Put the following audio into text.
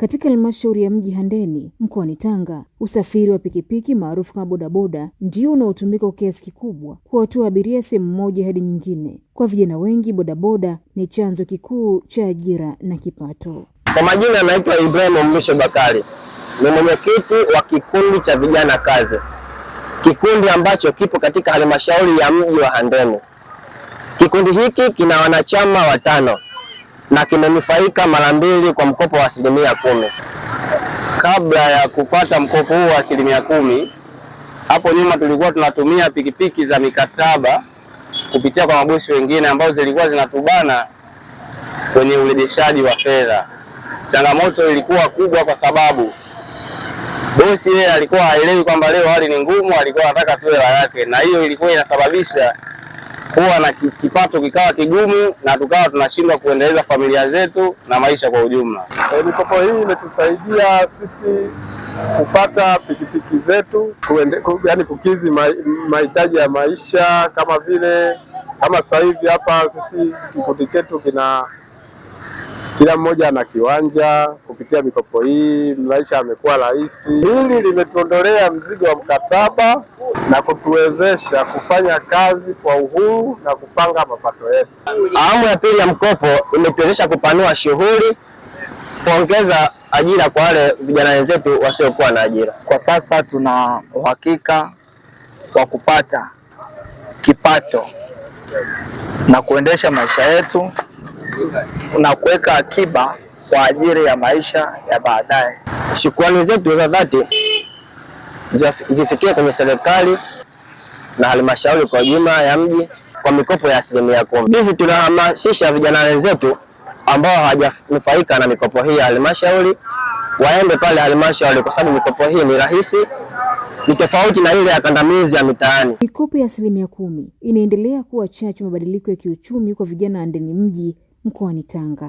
Katika halmashauri ya mji Handeni mkoani Tanga, usafiri wa pikipiki maarufu kama bodaboda ndio unaotumika kwa kiasi kikubwa kuwatoa abiria sehemu moja hadi nyingine. Kwa vijana wengi, bodaboda ni chanzo kikuu cha ajira na kipato. Kwa majina anaitwa Ibrahim Mwisho Bakari, ni mwenyekiti wa kikundi cha vijana kazi, kikundi ambacho kipo katika halmashauri ya mji wa Handeni. Kikundi hiki kina wanachama watano na kimenufaika mara mbili kwa mkopo wa asilimia kumi. Kabla ya kupata mkopo huu wa asilimia kumi, hapo nyuma tulikuwa tunatumia pikipiki za mikataba kupitia kwa mabosi wengine ambao zilikuwa zinatubana kwenye urejeshaji wa fedha. Changamoto ilikuwa kubwa kwa sababu bosi yeye alikuwa haelewi kwamba leo hali ni ngumu, alikuwa anataka tu hela yake, na hiyo ilikuwa inasababisha kuwa na kipato kikawa kigumu na tukawa tunashindwa kuendeleza familia zetu na maisha kwa ujumla. E, eh, mikopo hii imetusaidia sisi kupata pikipiki zetu kuende, ku, yani kukizi mahitaji ya maisha kama vile kama sasa hivi hapa sisi kikundi chetu kina kila mmoja ana kiwanja. Kupitia mikopo hii, maisha yamekuwa rahisi. Hili limetuondolea mzigo wa mkataba na kutuwezesha kufanya kazi kwa uhuru na kupanga mapato yetu. Awamu ya pili ya mkopo imetuwezesha kupanua shughuli, kuongeza ajira kwa wale vijana wenzetu wasiokuwa na ajira. Kwa sasa tuna uhakika wa kupata kipato na kuendesha maisha yetu na kuweka akiba kwa ajili ya maisha ya baadaye. Shukrani zetu za dhati zifikie kwenye serikali na halmashauri kwa jumla ya mji kwa mikopo ya asilimia kumi. Sisi tunahamasisha vijana wenzetu ambao hawajanufaika na mikopo hii ya halmashauri waende pale halmashauri, kwa sababu mikopo hii ni rahisi, ni tofauti na ile ya kandamizi ya mitaani. Mikopo ya asilimia kumi inaendelea kuwa chachu mabadiliko ya kiuchumi kwa vijana wa ndani mji mkoani Tanga.